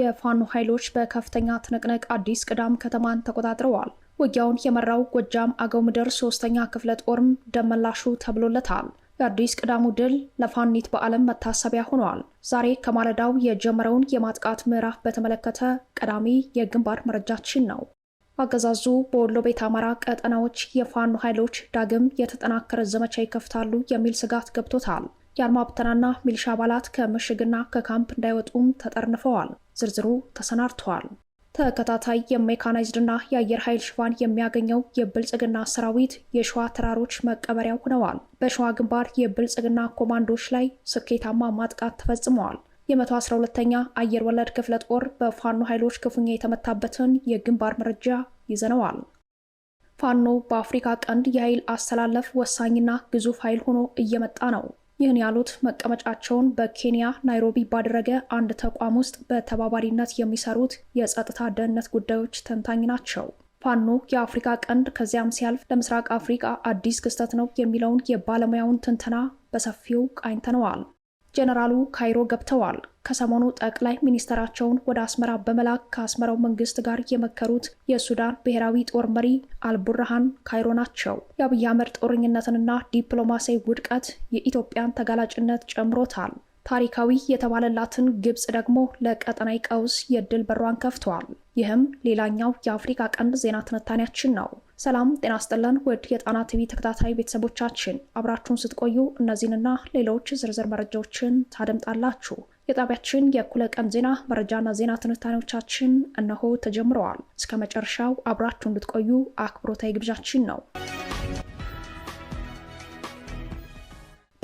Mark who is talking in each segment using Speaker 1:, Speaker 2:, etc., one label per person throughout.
Speaker 1: የፋኖ ኃይሎች በከፍተኛ ትንቅንቅ አዲስ ቅዳም ከተማን ተቆጣጥረዋል። ውጊያውን የመራው ጎጃም አገው ምድር ሶስተኛ ክፍለ ጦርም ደመላሹ ተብሎለታል። የአዲስ ቅዳሙ ድል ለፋኒት በዓለም መታሰቢያ ሆኗል። ዛሬ ከማለዳው የጀመረውን የማጥቃት ምዕራፍ በተመለከተ ቀዳሚ የግንባር መረጃችን ነው። አገዛዙ በወሎ ቤት አማራ ቀጠናዎች የፋኖ ኃይሎች ዳግም የተጠናከረ ዘመቻ ይከፍታሉ የሚል ስጋት ገብቶታል። የአድማ ብተናና ሚሊሻ አባላት ከምሽግና ከካምፕ እንዳይወጡም ተጠርንፈዋል። ዝርዝሩ ተሰናድተዋል። ተከታታይ የሜካናይዝድና የአየር ኃይል ሽፋን የሚያገኘው የብልጽግና ሰራዊት የሸዋ ተራሮች መቀበሪያ ሆነዋል። በሸዋ ግንባር የብልጽግና ኮማንዶች ላይ ስኬታማ ማጥቃት ተፈጽመዋል። የ112ኛ አየር ወለድ ክፍለ ጦር በፋኖ ኃይሎች ክፉኛ የተመታበትን የግንባር መረጃ ይዘነዋል። ፋኖ በአፍሪካ ቀንድ የኃይል አስተላለፍ ወሳኝና ግዙፍ ኃይል ሆኖ እየመጣ ነው። ይህን ያሉት መቀመጫቸውን በኬንያ ናይሮቢ ባደረገ አንድ ተቋም ውስጥ በተባባሪነት የሚሰሩት የጸጥታ ደህንነት ጉዳዮች ተንታኝ ናቸው። ፋኖ የአፍሪካ ቀንድ ከዚያም ሲያልፍ ለምስራቅ አፍሪካ አዲስ ክስተት ነው የሚለውን የባለሙያውን ትንተና በሰፊው ቃኝተነዋል። ጀነራሉ ካይሮ ገብተዋል። ከሰሞኑ ጠቅላይ ሚኒስትራቸውን ወደ አስመራ በመላክ ከአስመራው መንግስት ጋር የመከሩት የሱዳን ብሔራዊ ጦር መሪ አልቡርሃን ካይሮ ናቸው። የአብይ አህመድ ጦርኝነትንና ዲፕሎማሲያዊ ውድቀት የኢትዮጵያን ተጋላጭነት ጨምሮታል። ታሪካዊ የተባለላትን ግብፅ ደግሞ ለቀጠናዊ ቀውስ የድል በሯን ከፍተዋል። ይህም ሌላኛው የአፍሪካ ቀንድ ዜና ትንታኔያችን ነው። ሰላም ጤና ስጥልን ውድ የጣና ቲቪ ተከታታይ ቤተሰቦቻችን፣ አብራችሁን ስትቆዩ እነዚህንና ሌሎች ዝርዝር መረጃዎችን ታደምጣላችሁ። የጣቢያችን የእኩለ ቀን ዜና መረጃና ዜና ትንታኔዎቻችን እነሆ ተጀምረዋል። እስከ መጨረሻው አብራችሁ እንድትቆዩ አክብሮታዊ ግብዣችን ነው።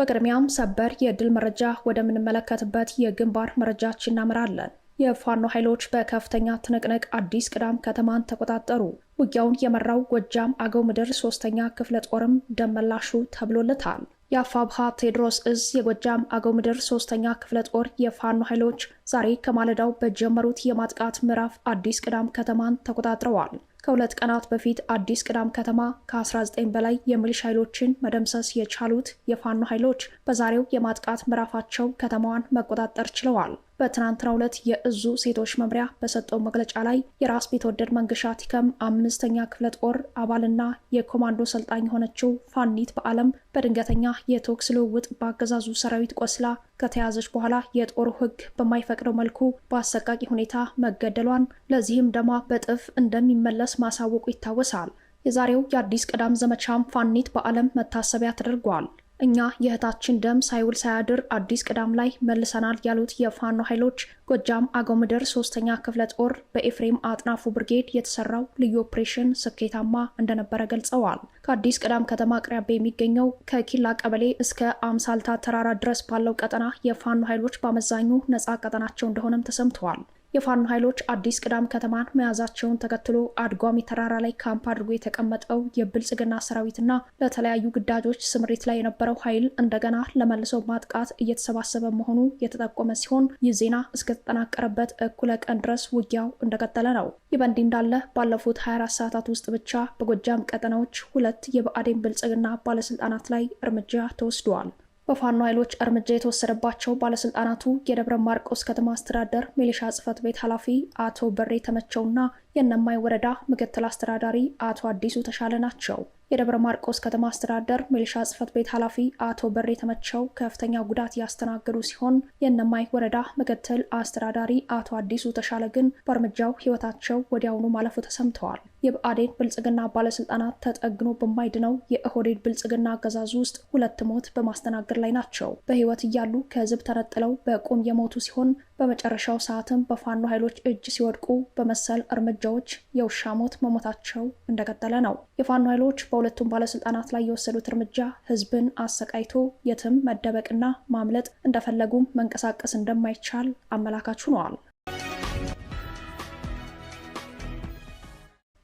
Speaker 1: በቅድሚያም ሰበር የድል መረጃ ወደምንመለከትበት የግንባር መረጃችን እናምራለን። የፋኖ ኃይሎች በከፍተኛ ትንቅንቅ አዲስ ቅዳም ከተማን ተቆጣጠሩ። ውጊያውን የመራው ጎጃም አገው ምድር ሶስተኛ ክፍለ ጦርም ደመላሹ ተብሎለታል። የአፋብሃ ቴዎድሮስ እዝ የጎጃም አገው ምድር ሶስተኛ ክፍለ ጦር የፋኖ ኃይሎች ዛሬ ከማለዳው በጀመሩት የማጥቃት ምዕራፍ አዲስ ቅዳም ከተማን ተቆጣጥረዋል። ከሁለት ቀናት በፊት አዲስ ቅዳም ከተማ ከ19 በላይ የሚሊሻ ኃይሎችን መደምሰስ የቻሉት የፋኖ ኃይሎች በዛሬው የማጥቃት ምዕራፋቸው ከተማዋን መቆጣጠር ችለዋል። በትናንትናው ዕለት የእዙ ሴቶች መምሪያ በሰጠው መግለጫ ላይ የራስ ቤተወደድ መንገሻ ቲከም አምስተኛ ክፍለ ጦር አባልና የኮማንዶ ሰልጣኝ የሆነችው ፋኒት በዓለም በድንገተኛ የተኩስ ልውውጥ በአገዛዙ ሰራዊት ቆስላ ከተያዘች በኋላ የጦሩ ሕግ በማይፈቅደው መልኩ በአሰቃቂ ሁኔታ መገደሏን፣ ለዚህም ደሟ በጥፍ እንደሚመለስ ማሳወቁ ይታወሳል። የዛሬው የአዲስ ቅዳም ዘመቻም ፋኒት በዓለም መታሰቢያ ተደርጓል። እኛ የእህታችን ደም ሳይውል ሳያድር አዲስ ቅዳም ላይ መልሰናል ያሉት የፋኖ ኃይሎች ጎጃም አገው ምድር ሶስተኛ ክፍለ ጦር በኤፍሬም አጥናፉ ብርጌድ የተሰራው ልዩ ኦፕሬሽን ስኬታማ እንደነበረ ገልጸዋል። ከአዲስ ቅዳም ከተማ አቅራቢያ የሚገኘው ከኪላ ቀበሌ እስከ አምሳልታ ተራራ ድረስ ባለው ቀጠና የፋኖ ኃይሎች በአመዛኙ ነፃ ቀጠናቸው እንደሆነም ተሰምተዋል። የፋኖ ኃይሎች አዲስ ቅዳም ከተማን መያዛቸውን ተከትሎ አድጓሚ ተራራ ላይ ካምፕ አድርጎ የተቀመጠው የብልጽግና ሰራዊትና ለተለያዩ ግዳጆች ስምሪት ላይ የነበረው ኃይል እንደገና ለመልሶ ማጥቃት እየተሰባሰበ መሆኑ የተጠቆመ ሲሆን ይህ ዜና እስከተጠናቀረበት እኩለ ቀን ድረስ ውጊያው እንደቀጠለ ነው። ይህ በእንዲህ እንዳለ ባለፉት 24 ሰዓታት ውስጥ ብቻ በጎጃም ቀጠናዎች ሁለት የብአዴን ብልጽግና ባለስልጣናት ላይ እርምጃ ተወስደዋል። በፋኖ ኃይሎች እርምጃ የተወሰደባቸው ባለስልጣናቱ የደብረ ማርቆስ ከተማ አስተዳደር ሚሊሻ ጽህፈት ቤት ኃላፊ አቶ በሬ ተመቸውና የእነማይ ወረዳ ምክትል አስተዳዳሪ አቶ አዲሱ ተሻለ ናቸው። የደብረ ማርቆስ ከተማ አስተዳደር ሚሊሻ ጽህፈት ቤት ኃላፊ አቶ በሬ ተመቸው ከፍተኛ ጉዳት ያስተናገዱ ሲሆን የእነማይ ወረዳ ምክትል አስተዳዳሪ አቶ አዲሱ ተሻለ ግን በእርምጃው ህይወታቸው ወዲያውኑ ማለፉ ተሰምተዋል። የብአዴን ብልጽግና ባለስልጣናት ተጠግኖ በማይድነው የኦህዴድ ብልጽግና አገዛዝ ውስጥ ሁለት ሞት በማስተናገድ ላይ ናቸው። በህይወት እያሉ ከህዝብ ተነጥለው በቁም የሞቱ ሲሆን በመጨረሻው ሰዓትም በፋኖ ኃይሎች እጅ ሲወድቁ በመሰል እርምጃዎች የውሻ ሞት መሞታቸው እንደቀጠለ ነው። የፋኖ ኃይሎች በሁለቱም ባለስልጣናት ላይ የወሰዱት እርምጃ ህዝብን አሰቃይቶ የትም መደበቅና ማምለጥ እንደፈለጉም መንቀሳቀስ እንደማይቻል አመላካች ሆነዋል።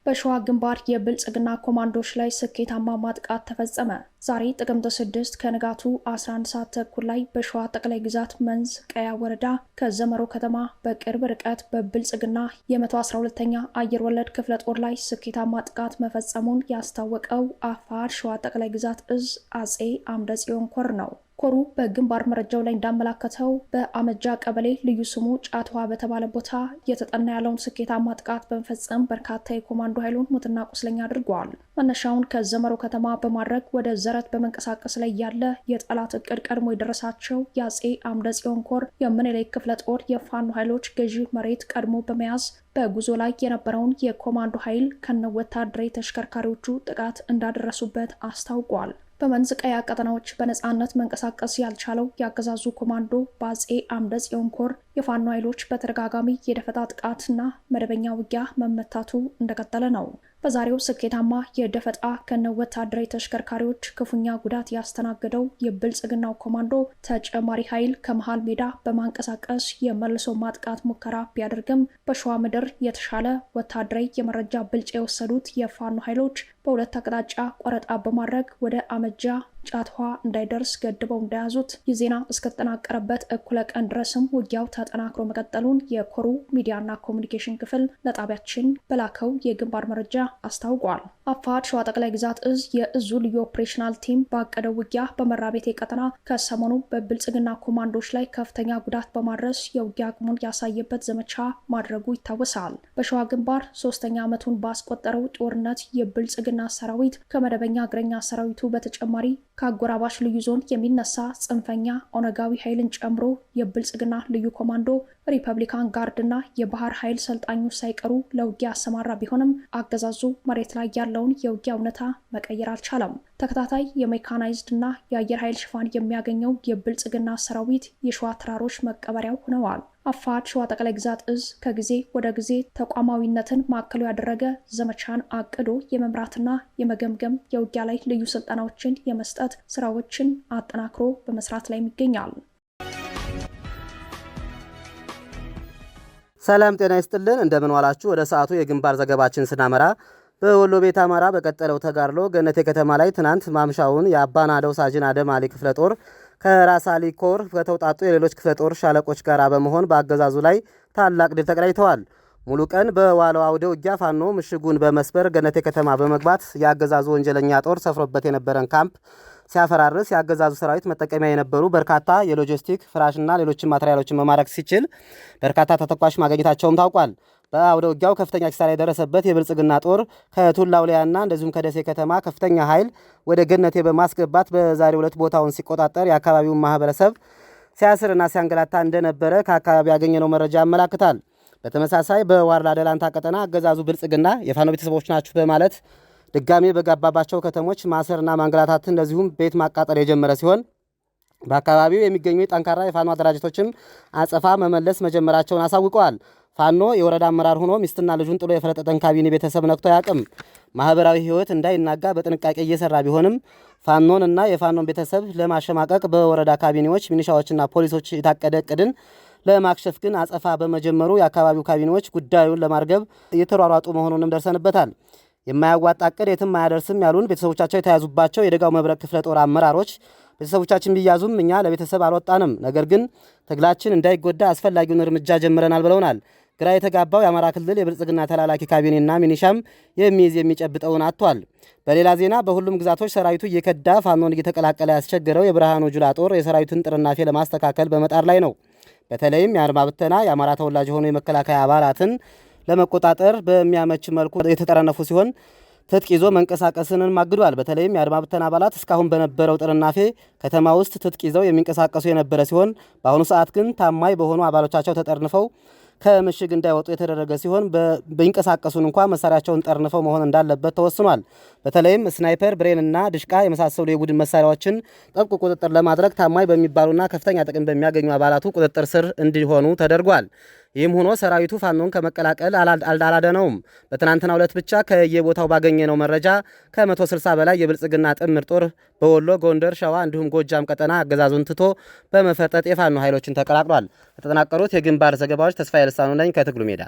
Speaker 1: በሸዋ ግንባር የብልጽግና ኮማንዶች ላይ ስኬታማ ማጥቃት ተፈጸመ። ዛሬ ጥቅምት 6 ከንጋቱ 11 ሰዓት ተኩል ላይ በሸዋ ጠቅላይ ግዛት መንዝ ቀያ ወረዳ ከዘመሮ ከተማ በቅርብ ርቀት በብልጽግና የ112ኛ አየር ወለድ ክፍለ ጦር ላይ ስኬታማ ጥቃት መፈጸሙን ያስታወቀው አፋር ሸዋ ጠቅላይ ግዛት እዝ አጼ አምደ ጽዮን ኮር ነው። ኮሩ በግንባር መረጃው ላይ እንዳመላከተው በአመጃ ቀበሌ ልዩ ስሙ ጫትዋ በተባለ ቦታ እየተጠና ያለውን ስኬታማ ጥቃት በመፈጸም በርካታ የኮማንዶ ኃይሉን ሙትና ቁስለኛ አድርገዋል። መነሻውን ከዘመሮ ከተማ በማድረግ ወደ ዘረት በመንቀሳቀስ ላይ ያለ የጠላት እቅድ ቀድሞ የደረሳቸው የአጼ አምደ ጽዮን ኮር የምኒልክ ክፍለ ጦር የፋኖ ኃይሎች ገዢ መሬት ቀድሞ በመያዝ በጉዞ ላይ የነበረውን የኮማንዶ ኃይል ከነ ወታደራዊ ተሽከርካሪዎቹ ጥቃት እንዳደረሱበት አስታውቋል። በመንዝ ቀያ ቀጠናዎች በነፃነት መንቀሳቀስ ያልቻለው የአገዛዙ ኮማንዶ በአጼ አምደ ጽዮን ኮር የፋኖ ኃይሎች በተደጋጋሚ የደፈጣ ጥቃትና መደበኛ ውጊያ መመታቱ እንደቀጠለ ነው። በዛሬው ስኬታማ የደፈጣ ከነ ወታደራዊ ተሽከርካሪዎች ክፉኛ ጉዳት ያስተናገደው የብልጽግናው ኮማንዶ ተጨማሪ ኃይል ከመሃል ሜዳ በማንቀሳቀስ የመልሶ ማጥቃት ሙከራ ቢያደርግም በሸዋ ምድር የተሻለ ወታደራዊ የመረጃ ብልጫ የወሰዱት የፋኖ ኃይሎች በሁለት አቅጣጫ ቆረጣ በማድረግ ወደ አመጃ ጫት ውሃ እንዳይደርስ ገድበው እንደያዙት የዜና እስከተጠናቀረበት እኩለ ቀን ድረስም ውጊያው ተጠናክሮ መቀጠሉን የኮሩ ሚዲያና ኮሚኒኬሽን ክፍል ለጣቢያችን በላከው የግንባር መረጃ አስታውቋል። አፋድ ሸዋ ጠቅላይ ግዛት እዝ የእዙ ልዩ ኦፕሬሽናል ቲም ባቀደው ውጊያ በመራቤቴ ቀጠና ከሰሞኑ በብልጽግና ኮማንዶች ላይ ከፍተኛ ጉዳት በማድረስ የውጊያ አቅሙን ያሳየበት ዘመቻ ማድረጉ ይታወሳል። በሸዋ ግንባር ሶስተኛ ዓመቱን ባስቆጠረው ጦርነት የብልጽግና ሰራዊት ከመደበኛ እግረኛ ሰራዊቱ በተጨማሪ ከአጎራባሽ ልዩ ዞን የሚነሳ ጽንፈኛ ኦነጋዊ ኃይልን ጨምሮ የብልጽግና ልዩ ኮማንዶ ሪፐብሊካን ጋርድ እና የባህር ኃይል ሰልጣኞች ሳይቀሩ ለውጊያ አሰማራ ቢሆንም አገዛዙ መሬት ላይ ያለውን የውጊያ እውነታ መቀየር አልቻለም። ተከታታይ የሜካናይዝድ እና የአየር ኃይል ሽፋን የሚያገኘው የብልጽግና ሰራዊት የሸዋ ተራሮች መቀበሪያው ሆነዋል። አፋር ሸዋ ጠቅላይ ግዛት እዝ ከጊዜ ወደ ጊዜ ተቋማዊነትን ማዕከሉ ያደረገ ዘመቻን አቅዶ የመምራትና የመገምገም የውጊያ ላይ ልዩ ስልጠናዎችን የመስጠት ስራዎችን አጠናክሮ በመስራት ላይ ይገኛል።
Speaker 2: ሰላም ጤና ይስጥልን፣ እንደምን ዋላችሁ። ወደ ሰዓቱ የግንባር ዘገባችን ስናመራ በወሎ ቤት አማራ በቀጠለው ተጋድሎ ገነቴ ከተማ ላይ ትናንት ማምሻውን የአባናደው ሳጅን አደም አሊ ክፍለ ጦር ከራስ አሊ ኮር ከተውጣጡ የሌሎች ክፍለ ጦር ሻለቆች ጋር በመሆን በአገዛዙ ላይ ታላቅ ድል ተቀዳጅተዋል። ሙሉ ቀን በዋለው አውደ ውጊያ ፋኖ ምሽጉን በመስበር ገነቴ ከተማ በመግባት የአገዛዙ ወንጀለኛ ጦር ሰፍሮበት የነበረን ካምፕ ሲያፈራርስ የአገዛዙ ሰራዊት መጠቀሚያ የነበሩ በርካታ የሎጂስቲክ ፍራሽና ሌሎችን ማቴሪያሎችን መማረክ ሲችል በርካታ ተተኳሽ ማግኘታቸውም ታውቋል። በአውደ ውጊያው ከፍተኛ ኪሳራ የደረሰበት የብልጽግና ጦር ከቱላ ውልያና እንደዚሁም ከደሴ ከተማ ከፍተኛ ኃይል ወደ ገነቴ በማስገባት በዛሬው ዕለት ቦታውን ሲቆጣጠር የአካባቢውን ማህበረሰብ ሲያስርና ሲያንገላታ እንደነበረ ከአካባቢ ያገኘነው መረጃ ያመላክታል። በተመሳሳይ በዋርላ ደላንታ ቀጠና አገዛዙ ብልጽግና የፋኖ ቤተሰቦች ናችሁ በማለት ድጋሜ በጋባባቸው ከተሞች ማሰርና ማንገላታት እንደዚሁም ቤት ማቃጠል የጀመረ ሲሆን በአካባቢው የሚገኙ ጠንካራ የፋኖ አደራጀቶችም አጸፋ መመለስ መጀመራቸውን አሳውቀዋል። ፋኖ የወረዳ አመራር ሆኖ ሚስትና ልጁን ጥሎ የፈረጠጠን ካቢኔ ቤተሰብ ነክቶ አያውቅም። ማህበራዊ ህይወት እንዳይናጋ በጥንቃቄ እየሰራ ቢሆንም ፋኖን እና የፋኖን ቤተሰብ ለማሸማቀቅ በወረዳ ካቢኔዎች፣ ሚኒሻዎችና ፖሊሶች የታቀደ እቅድን ለማክሸፍ ግን አጸፋ በመጀመሩ የአካባቢው ካቢኔዎች ጉዳዩን ለማርገብ እየተሯሯጡ መሆኑንም ደርሰንበታል። የማያዋጣ እቅድ የትም አያደርስም ያሉን ቤተሰቦቻቸው የተያዙባቸው የደጋው መብረቅ ክፍለ ጦር አመራሮች ቤተሰቦቻችን ቢያዙም እኛ ለቤተሰብ አልወጣንም፣ ነገር ግን ትግላችን እንዳይጎዳ አስፈላጊውን እርምጃ ጀምረናል ብለውናል። ግራ የተጋባው የአማራ ክልል የብልጽግና ተላላኪ ካቢኔና ሚኒሻም የሚይዝ የሚጨብጠውን አጥቷል። በሌላ ዜና በሁሉም ግዛቶች ሰራዊቱ እየከዳ ፋኖን እየተቀላቀለ ያስቸገረው የብርሃኑ ጁላ ጦር የሰራዊቱን ጥርናፌ ለማስተካከል በመጣር ላይ ነው። በተለይም የአርማ ብተና የአማራ ተወላጅ የሆኑ የመከላከያ አባላትን ለመቆጣጠር በሚያመች መልኩ የተጠረነፉ ሲሆን ትጥቅ ይዞ መንቀሳቀስንን ማግዷል። በተለይም የአድማ ብተና አባላት እስካሁን በነበረው ጥርናፌ ከተማ ውስጥ ትጥቅ ይዘው የሚንቀሳቀሱ የነበረ ሲሆን በአሁኑ ሰዓት ግን ታማኝ በሆኑ አባሎቻቸው ተጠርንፈው ከምሽግ እንዳይወጡ የተደረገ ሲሆን ቢንቀሳቀሱን እንኳ መሳሪያቸውን ጠርንፈው መሆን እንዳለበት ተወስኗል። በተለይም ስናይፐር፣ ብሬንና ድሽቃ የመሳሰሉ የቡድን መሳሪያዎችን ጥብቅ ቁጥጥር ለማድረግ ታማኝ በሚባሉና ከፍተኛ ጥቅም በሚያገኙ አባላቱ ቁጥጥር ስር እንዲሆኑ ተደርጓል። ይህም ሆኖ ሰራዊቱ ፋኖን ከመቀላቀል አላዳነውም። በትናንትና ሁለት ብቻ ከየቦታው ባገኘነው መረጃ ከ160 በላይ የብልጽግና ጥምር ጦር በወሎ፣ ጎንደር፣ ሸዋ እንዲሁም ጎጃም ቀጠና አገዛዙን ትቶ በመፈርጠጥ የፋኖ ኃይሎችን ተቀላቅሏል። የተጠናቀሩት የግንባር ዘገባዎች ተስፋዬ ልሳኑ ነኝ ከትግሉ ሜዳ።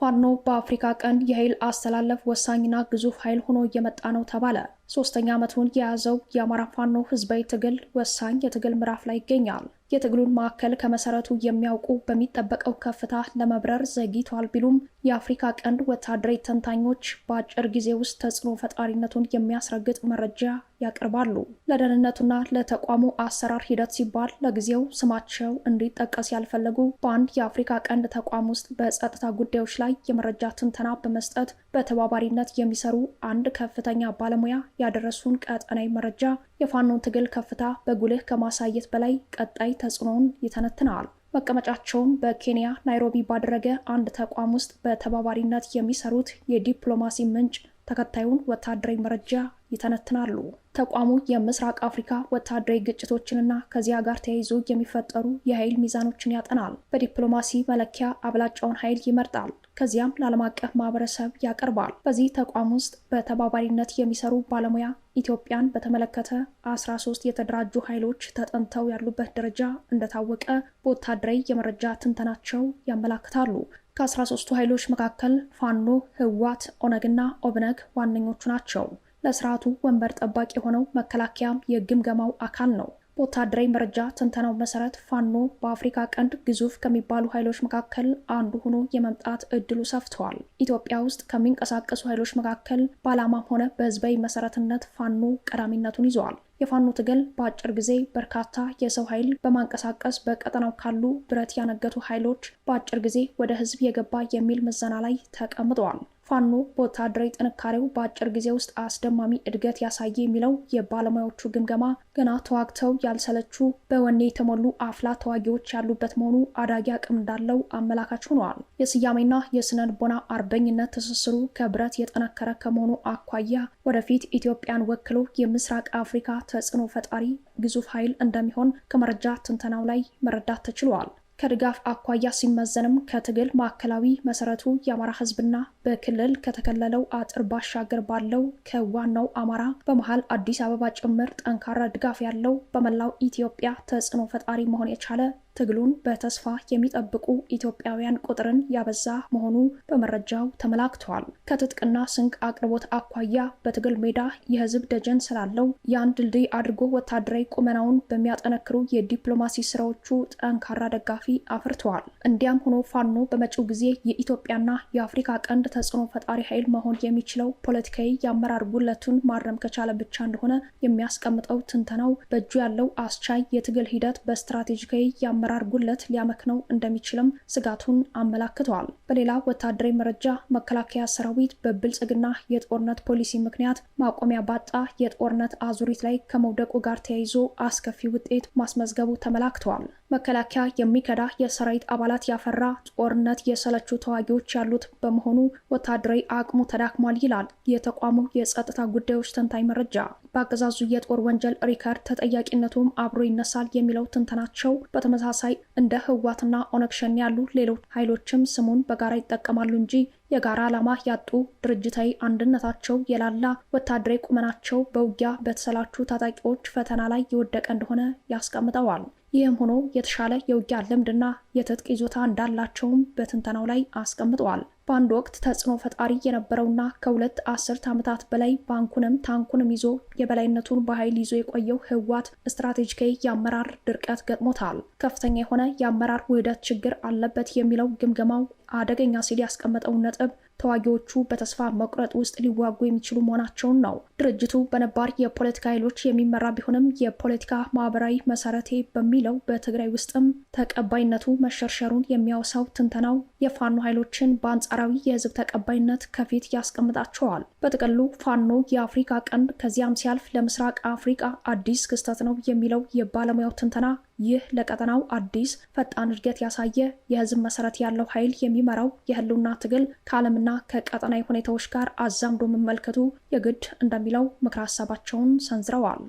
Speaker 1: ፋኖ በአፍሪካ ቀንድ የኃይል አስተላለፍ ወሳኝና ግዙፍ ኃይል ሆኖ እየመጣ ነው ተባለ። ሶስተኛ ዓመቱን የያዘው የአማራ ፋኖ ህዝባዊ ትግል ወሳኝ የትግል ምዕራፍ ላይ ይገኛል። የትግሉን ማዕከል ከመሰረቱ የሚያውቁ በሚጠበቀው ከፍታ ለመብረር ዘግይተዋል ቢሉም የአፍሪካ ቀንድ ወታደራዊ ተንታኞች በአጭር ጊዜ ውስጥ ተጽዕኖ ፈጣሪነቱን የሚያስረግጥ መረጃ ያቀርባሉ። ለደህንነቱና ለተቋሙ አሰራር ሂደት ሲባል ለጊዜው ስማቸው እንዲጠቀስ ያልፈለጉ በአንድ የአፍሪካ ቀንድ ተቋም ውስጥ በጸጥታ ጉዳዮች ላይ የመረጃ ትንተና በመስጠት በተባባሪነት የሚሰሩ አንድ ከፍተኛ ባለሙያ ያደረሱን ቀጠናዊ መረጃ የፋኖን ትግል ከፍታ በጉልህ ከማሳየት በላይ ቀጣይ ተጽዕኖውን ይተነትነዋል። መቀመጫቸውን በኬንያ ናይሮቢ ባደረገ አንድ ተቋም ውስጥ በተባባሪነት የሚሰሩት የዲፕሎማሲ ምንጭ ተከታዩን ወታደራዊ መረጃ ይተነትናሉ። ተቋሙ የምስራቅ አፍሪካ ወታደራዊ ግጭቶችንና ከዚያ ጋር ተያይዞ የሚፈጠሩ የኃይል ሚዛኖችን ያጠናል። በዲፕሎማሲ መለኪያ አብላጫውን ኃይል ይመርጣል። ከዚያም ለዓለም አቀፍ ማህበረሰብ ያቀርባል። በዚህ ተቋም ውስጥ በተባባሪነት የሚሰሩ ባለሙያ ኢትዮጵያን በተመለከተ 13 የተደራጁ ኃይሎች ተጠንተው ያሉበት ደረጃ እንደታወቀ በወታደራዊ የመረጃ ትንተናቸው ያመላክታሉ። ከአስራ ሶስቱ ኃይሎች መካከል ፋኖ፣ ህዋት፣ ኦነግና ኦብነግ ዋነኞቹ ናቸው። ለስርዓቱ ወንበር ጠባቂ የሆነው መከላከያም የግምገማው አካል ነው። በወታደራዊ መረጃ ትንተናው መሰረት ፋኖ በአፍሪካ ቀንድ ግዙፍ ከሚባሉ ኃይሎች መካከል አንዱ ሆኖ የመምጣት እድሉ ሰፍተዋል። ኢትዮጵያ ውስጥ ከሚንቀሳቀሱ ኃይሎች መካከል በዓላማም ሆነ በህዝባዊ መሰረትነት ፋኖ ቀዳሚነቱን ይዘዋል። የፋኖ ትግል በአጭር ጊዜ በርካታ የሰው ኃይል በማንቀሳቀስ በቀጠናው ካሉ ብረት ያነገቱ ኃይሎች በአጭር ጊዜ ወደ ህዝብ የገባ የሚል ምዘና ላይ ተቀምጠዋል። ፋኖ በወታደራዊ ጥንካሬው በአጭር ጊዜ ውስጥ አስደማሚ እድገት ያሳየ የሚለው የባለሙያዎቹ ግምገማ ገና ተዋግተው ያልሰለቹ በወኔ የተሞሉ አፍላ ተዋጊዎች ያሉበት መሆኑ አዳጊ አቅም እንዳለው አመላካች ሆነዋል። የስያሜና የስነ ልቦና አርበኝነት ትስስሩ ከብረት የጠነከረ ከመሆኑ አኳያ ወደፊት ኢትዮጵያን ወክሎ የምስራቅ አፍሪካ ተጽዕኖ ፈጣሪ ግዙፍ ኃይል እንደሚሆን ከመረጃ ትንተናው ላይ መረዳት ተችሏል። ከድጋፍ አኳያ ሲመዘንም ከትግል ማዕከላዊ መሰረቱ የአማራ ህዝብና በክልል ከተከለለው አጥር ባሻገር ባለው ከዋናው አማራ በመሀል አዲስ አበባ ጭምር ጠንካራ ድጋፍ ያለው በመላው ኢትዮጵያ ተጽዕኖ ፈጣሪ መሆን የቻለ ትግሉን በተስፋ የሚጠብቁ ኢትዮጵያውያን ቁጥርን ያበዛ መሆኑ በመረጃው ተመላክተዋል። ከትጥቅና ስንቅ አቅርቦት አኳያ በትግል ሜዳ የህዝብ ደጀን ስላለው ያን ድልድይ አድርጎ ወታደራዊ ቁመናውን በሚያጠነክሩ የዲፕሎማሲ ስራዎቹ ጠንካራ ደጋፊ አፍርተዋል። እንዲያም ሆኖ ፋኖ በመጪው ጊዜ የኢትዮጵያና የአፍሪካ ቀንድ ተጽዕኖ ፈጣሪ ኃይል መሆን የሚችለው ፖለቲካዊ የአመራር ጉለቱን ማረም ከቻለ ብቻ እንደሆነ የሚያስቀምጠው ትንተናው በእጁ ያለው አስቻይ የትግል ሂደት በስትራቴጂካዊ የአመራር ጉድለት ሊያመክነው እንደሚችልም ስጋቱን አመላክተዋል። በሌላ ወታደራዊ መረጃ መከላከያ ሰራዊት በብልጽግና የጦርነት ፖሊሲ ምክንያት ማቆሚያ ባጣ የጦርነት አዙሪት ላይ ከመውደቁ ጋር ተያይዞ አስከፊ ውጤት ማስመዝገቡ ተመላክተዋል። መከላከያ የሚከዳ የሰራዊት አባላት ያፈራ ጦርነት የሰለቹ ተዋጊዎች ያሉት በመሆኑ ወታደራዊ አቅሙ ተዳክሟል ይላል የተቋሙ የጸጥታ ጉዳዮች ተንታኝ መረጃ። በአገዛዙ የጦር ወንጀል ሪከርድ ተጠያቂነቱም አብሮ ይነሳል የሚለው ትንተናቸው በተመሳሳይ እንደ ህዋትና ኦነግ ሸኔ ያሉ ሌሎች ኃይሎችም ስሙን በጋራ ይጠቀማሉ እንጂ የጋራ ዓላማ ያጡ ድርጅታዊ አንድነታቸው የላላ ወታደራዊ ቁመናቸው በውጊያ በተሰላቹ ታጣቂዎች ፈተና ላይ የወደቀ እንደሆነ ያስቀምጠዋል። ይህም ሆኖ የተሻለ የውጊያ ልምድና የትጥቅ ይዞታ እንዳላቸውም በትንተናው ላይ አስቀምጠዋል። በአንድ ወቅት ተጽዕኖ ፈጣሪ የነበረውና ከሁለት አስርት ዓመታት በላይ ባንኩንም ታንኩንም ይዞ የበላይነቱን በኃይል ይዞ የቆየው ህወሓት ስትራቴጂካዊ የአመራር ድርቀት ገጥሞታል። ከፍተኛ የሆነ የአመራር ውህደት ችግር አለበት የሚለው ግምገማው አደገኛ ሲል ያስቀመጠውን ነጥብ ተዋጊዎቹ በተስፋ መቁረጥ ውስጥ ሊዋጉ የሚችሉ መሆናቸውን ነው። ድርጅቱ በነባር የፖለቲካ ኃይሎች የሚመራ ቢሆንም የፖለቲካ ማህበራዊ መሰረቴ በሚለው በትግራይ ውስጥም ተቀባይነቱ መሸርሸሩን የሚያወሳው ትንተናው የፋኖ ኃይሎችን በአንጻራዊ የህዝብ ተቀባይነት ከፊት ያስቀምጣቸዋል። በጥቅሉ ፋኖ የአፍሪካ ቀንድ ከዚያም ሲያልፍ ለምስራቅ አፍሪካ አዲስ ክስተት ነው የሚለው የባለሙያው ትንተና ይህ ለቀጠናው አዲስ ፈጣን እድገት ያሳየ የህዝብ መሰረት ያለው ኃይል የሚመራው የህልውና ትግል ከዓለምና ከቀጠናዊ ሁኔታዎች ጋር አዛምዶ መመልከቱ የግድ እንደሚለው ምክረ ሀሳባቸውን ሰንዝረዋል።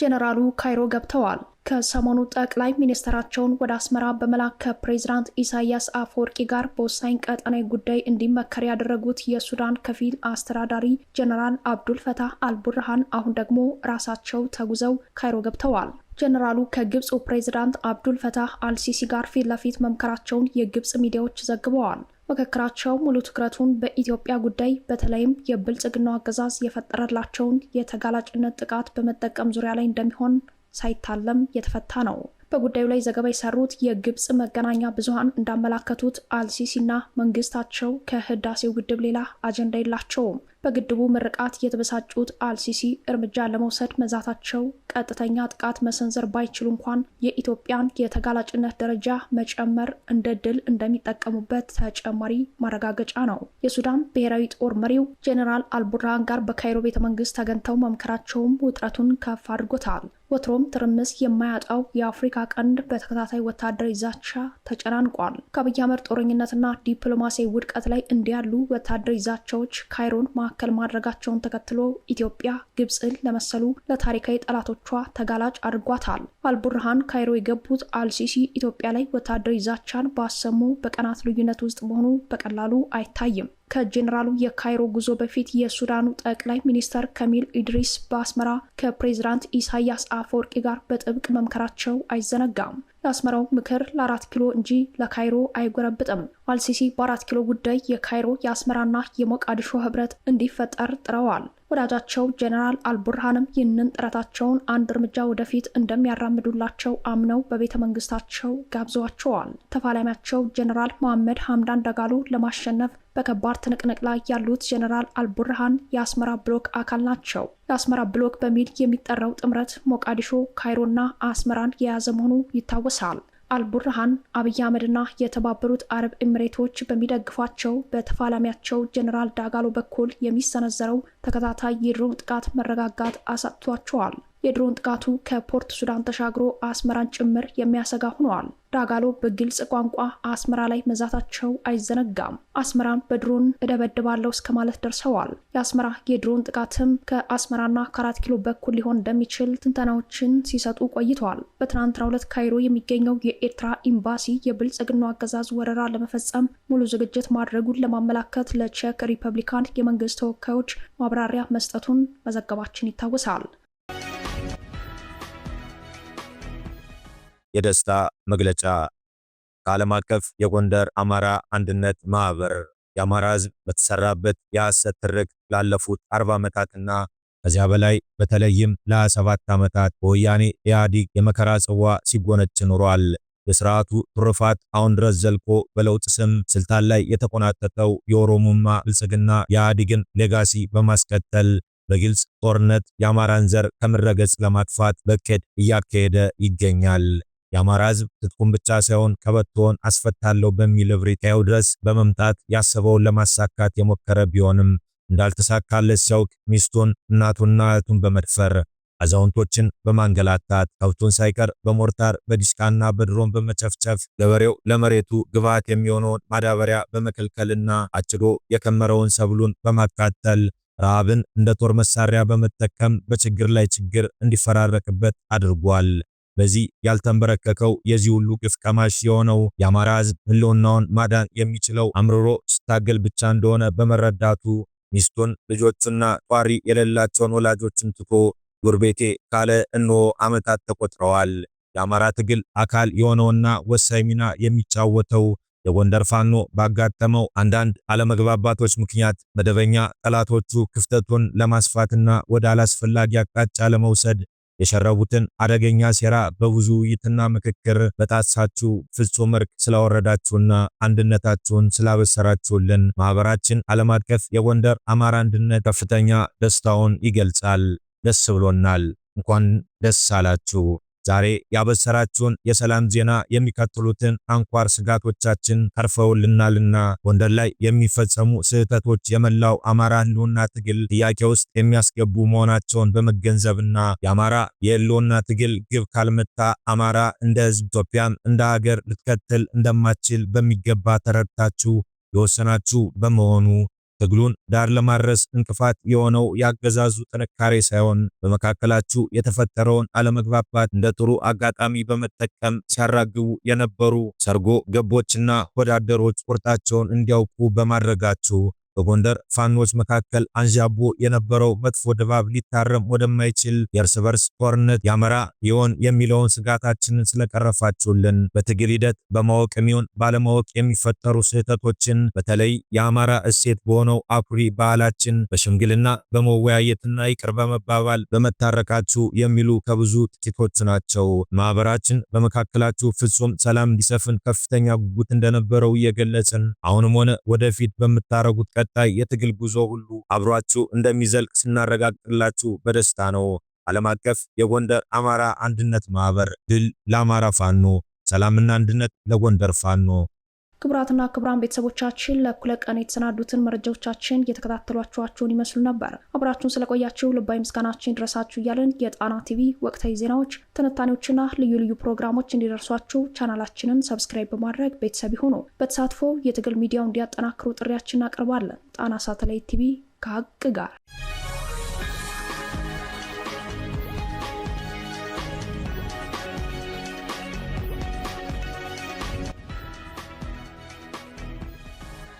Speaker 1: ጄኔራሉ ካይሮ ገብተዋል። ከሰሞኑ ጠቅላይ ሚኒስትራቸውን ወደ አስመራ በመላክ ከፕሬዚዳንት ኢሳያስ አፈወርቂ ጋር በወሳኝ ቀጠናዊ ጉዳይ እንዲመከር ያደረጉት የሱዳን ከፊል አስተዳዳሪ ጀነራል አብዱል ፈታህ አልቡርሃን አሁን ደግሞ ራሳቸው ተጉዘው ካይሮ ገብተዋል። ጀነራሉ ከግብፁ ፕሬዚዳንት አብዱል ፈታህ አልሲሲ ጋር ፊት ለፊት መምከራቸውን የግብፅ ሚዲያዎች ዘግበዋል። ምክክራቸው ሙሉ ትኩረቱን በኢትዮጵያ ጉዳይ በተለይም የብልጽግናው አገዛዝ የፈጠረላቸውን የተጋላጭነት ጥቃት በመጠቀም ዙሪያ ላይ እንደሚሆን ሳይታለም የተፈታ ነው። በጉዳዩ ላይ ዘገባ የሰሩት የግብፅ መገናኛ ብዙሃን እንዳመላከቱት አልሲሲና መንግስታቸው ከህዳሴው ግድብ ሌላ አጀንዳ የላቸውም። በግድቡ ምርቃት የተበሳጩት አልሲሲ እርምጃ ለመውሰድ መዛታቸው ቀጥተኛ ጥቃት መሰንዘር ባይችሉ እንኳን የኢትዮጵያን የተጋላጭነት ደረጃ መጨመር እንደ ድል እንደሚጠቀሙበት ተጨማሪ ማረጋገጫ ነው። የሱዳን ብሔራዊ ጦር መሪው ጄኔራል አልቡርሃን ጋር በካይሮ ቤተ መንግስት ተገንተው መምከራቸውም ውጥረቱን ከፍ አድርጎታል። ወትሮም ትርምስ የማያጣው የአፍሪካ ቀንድ በተከታታይ ወታደራዊ ዛቻ ተጨናንቋል። ከአብይ አህመድ ጦረኝነትና ዲፕሎማሲያዊ ውድቀት ላይ እንዲያሉ ወታደራዊ ዛቻዎች ካይሮን ማ ማዕከል ማድረጋቸውን ተከትሎ ኢትዮጵያ ግብፅን ለመሰሉ ለታሪካዊ ጠላቶቿ ተጋላጭ አድርጓታል። አልቡርሃን ካይሮ የገቡት አልሲሲ ኢትዮጵያ ላይ ወታደራዊ ዛቻን ባሰሙ በቀናት ልዩነት ውስጥ መሆኑ በቀላሉ አይታይም። ከጄኔራሉ የካይሮ ጉዞ በፊት የሱዳኑ ጠቅላይ ሚኒስተር ከሚል ኢድሪስ በአስመራ ከፕሬዚዳንት ኢሳያስ አፈወርቂ ጋር በጥብቅ መምከራቸው አይዘነጋም። የአስመራው ምክር ለአራት ኪሎ እንጂ ለካይሮ አይጎረብጥም። አልሲሲ በአራት ኪሎ ጉዳይ የካይሮ የአስመራና የሞቃዲሾ ህብረት እንዲፈጠር ጥረዋል። ወዳጃቸው ጀነራል አልቡርሃንም ይህንን ጥረታቸውን አንድ እርምጃ ወደፊት እንደሚያራምዱላቸው አምነው በቤተ መንግስታቸው ጋብዘዋቸዋል። ተፋላሚያቸው ጀነራል መሐመድ ሀምዳን ደጋሎ ለማሸነፍ በከባድ ትንቅንቅ ላይ ያሉት ጀነራል አልቡርሃን የአስመራ ብሎክ አካል ናቸው። የአስመራ ብሎክ በሚል የሚጠራው ጥምረት ሞቃዲሾ፣ ካይሮና አስመራን የያዘ መሆኑ ይታወሳል። አልቡርሃን አብይ አህመድና የተባበሩት አረብ ኤምሬቶች በሚደግፏቸው በተፋላሚያቸው ጀኔራል ዳጋሎ በኩል የሚሰነዘረው ተከታታይ የድሮን ጥቃት መረጋጋት አሳጥቷቸዋል። የድሮን ጥቃቱ ከፖርት ሱዳን ተሻግሮ አስመራን ጭምር የሚያሰጋ ሆነዋል። ዳጋሎ በግልጽ ቋንቋ አስመራ ላይ መዛታቸው አይዘነጋም። አስመራን በድሮን እደበድባለው እስከ ማለት ደርሰዋል። የአስመራ የድሮን ጥቃትም ከአስመራና ከአራት ኪሎ በኩል ሊሆን እንደሚችል ትንተናዎችን ሲሰጡ ቆይተዋል። በትናንትናው ዕለት ካይሮ የሚገኘው የኤርትራ ኤምባሲ የብልጽግናው አገዛዝ ወረራ ለመፈጸም ሙሉ ዝግጅት ማድረጉን ለማመላከት ለቼክ ሪፐብሊካን የመንግስት ተወካዮች ማብራሪያ መስጠቱን መዘገባችን ይታወሳል።
Speaker 3: የደስታ መግለጫ ከዓለም አቀፍ የጎንደር አማራ አንድነት ማኅበር የአማራ ሕዝብ በተሰራበት የሐሰት ትርክ ላለፉት 40 ዓመታትና ከዚያ በላይ በተለይም ለ27 ዓመታት በወያኔ ኢህአዴግ የመከራ ጽዋ ሲጎነጭ ኑሯል። የሥርዓቱ ትሩፋት አሁን ድረስ ዘልቆ በለውጥ ስም ስልጣን ላይ የተቆናጠጠው የኦሮሞማ ብልጽግና የኢህአዴግን ሌጋሲ በማስከተል በግልጽ ጦርነት የአማራን ዘር ከምረገጽ ለማጥፋት በእቅድ እያካሄደ ይገኛል። የአማራ ህዝብ ትጥቁን ብቻ ሳይሆን ከበቶን አስፈታለሁ በሚል እብሪታው ድረስ በመምጣት ያሰበውን ለማሳካት የሞከረ ቢሆንም እንዳልተሳካለት ሲያውቅ ሚስቱን እናቱንና እህቱን በመድፈር አዛውንቶችን በማንገላታት ከብቱን ሳይቀር በሞርታር በዲስካና በድሮን በመጨፍጨፍ ገበሬው ለመሬቱ ግብዓት የሚሆነውን ማዳበሪያ በመከልከልና አጭዶ የከመረውን ሰብሉን በማቃጠል ረሃብን እንደ ጦር መሳሪያ በመጠቀም በችግር ላይ ችግር እንዲፈራረቅበት አድርጓል። በዚህ ያልተንበረከከው የዚህ ሁሉ ግፍ ቀማሽ የሆነው የአማራ ህዝብ ህልውናውን ማዳን የሚችለው አምርሮ ስታገል ብቻ እንደሆነ በመረዳቱ ሚስቱን፣ ልጆቹና ጧሪ የሌላቸውን ወላጆችን ትቶ ጉርቤቴ ካለ እንሆ ዓመታት ተቆጥረዋል። የአማራ ትግል አካል የሆነውና ወሳኝ ሚና የሚጫወተው የጎንደር ፋኖ ባጋጠመው አንዳንድ አለመግባባቶች ምክንያት መደበኛ ጠላቶቹ ክፍተቱን ለማስፋትና ወደ አላስፈላጊ አቅጣጫ ለመውሰድ የሸረቡትን አደገኛ ሴራ በብዙ ውይይትና ምክክር በጣሳችሁ ፍጹም እርቅ ስላወረዳችሁና አንድነታችሁን ስላበሰራችሁልን ማኅበራችን ዓለም አቀፍ የጎንደር አማራ አንድነት ከፍተኛ ደስታውን ይገልጻል። ደስ ብሎናል። እንኳን ደስ አላችሁ። ዛሬ ያበሰራችሁን የሰላም ዜና የሚከተሉትን አንኳር ስጋቶቻችን ተርፈውልናልና ጎንደር ላይ የሚፈጸሙ ስህተቶች የመላው አማራ ህልውና ትግል ጥያቄ ውስጥ የሚያስገቡ መሆናቸውን በመገንዘብና የአማራ የህልውና ትግል ግብ ካልመታ አማራ እንደ ህዝብ ኢትዮጵያም እንደ ሀገር ልትከተል እንደማትችል በሚገባ ተረድታችሁ የወሰናችሁ በመሆኑ ትግሉን ዳር ለማድረስ እንቅፋት የሆነው ያገዛዙ ጥንካሬ ሳይሆን በመካከላችሁ የተፈጠረውን አለመግባባት እንደ ጥሩ አጋጣሚ በመጠቀም ሲያራግቡ የነበሩ ሰርጎ ገቦችና ወዳደሮች ቁርጣቸውን እንዲያውቁ በማድረጋችሁ በጎንደር ፋኖች መካከል አንዣቦ የነበረው መጥፎ ድባብ ሊታረም ወደማይችል የእርስ በርስ ጦርነት ያመራ ይሆን የሚለውን ስጋታችንን ስለቀረፋችሁልን በትግል ሂደት በማወቅ የሚሆን ባለማወቅ የሚፈጠሩ ስህተቶችን በተለይ የአማራ እሴት በሆነው አኩሪ ባህላችን በሽምግልና በመወያየትና ይቅር በመባባል በመታረቃችሁ የሚሉ ከብዙ ጥቂቶች ናቸው። ማህበራችን በመካከላችሁ ፍጹም ሰላም እንዲሰፍን ከፍተኛ ጉጉት እንደነበረው እየገለጽን አሁንም ሆነ ወደፊት በምታረጉት ቀጣይ የትግል ጉዞ ሁሉ አብሯችሁ እንደሚዘልቅ ስናረጋግጥላችሁ በደስታ ነው። ዓለም አቀፍ የጎንደር አማራ አንድነት ማህበር። ድል ለአማራ ፋኖ! ሰላምና አንድነት ለጎንደር ፋኖ!
Speaker 1: ክቡራትና ክቡራን ቤተሰቦቻችን ለእኩለ ቀን የተሰናዱትን መረጃዎቻችን እየተከታተሏችኋቸውን ይመስሉ ነበር። አብራችሁን ስለቆያችሁ ልባዊ ምስጋናችን ድረሳችሁ እያለን የጣና ቲቪ ወቅታዊ ዜናዎች፣ ትንታኔዎችና ልዩ ልዩ ፕሮግራሞች እንዲደርሷችሁ ቻናላችንን ሰብስክራይብ በማድረግ ቤተሰብ ይሁኑ። በተሳትፎ የትግል ሚዲያውን እንዲያጠናክሩ ጥሪያችን እናቀርባለን። ጣና ሳተላይት ቲቪ ከሀቅ ጋር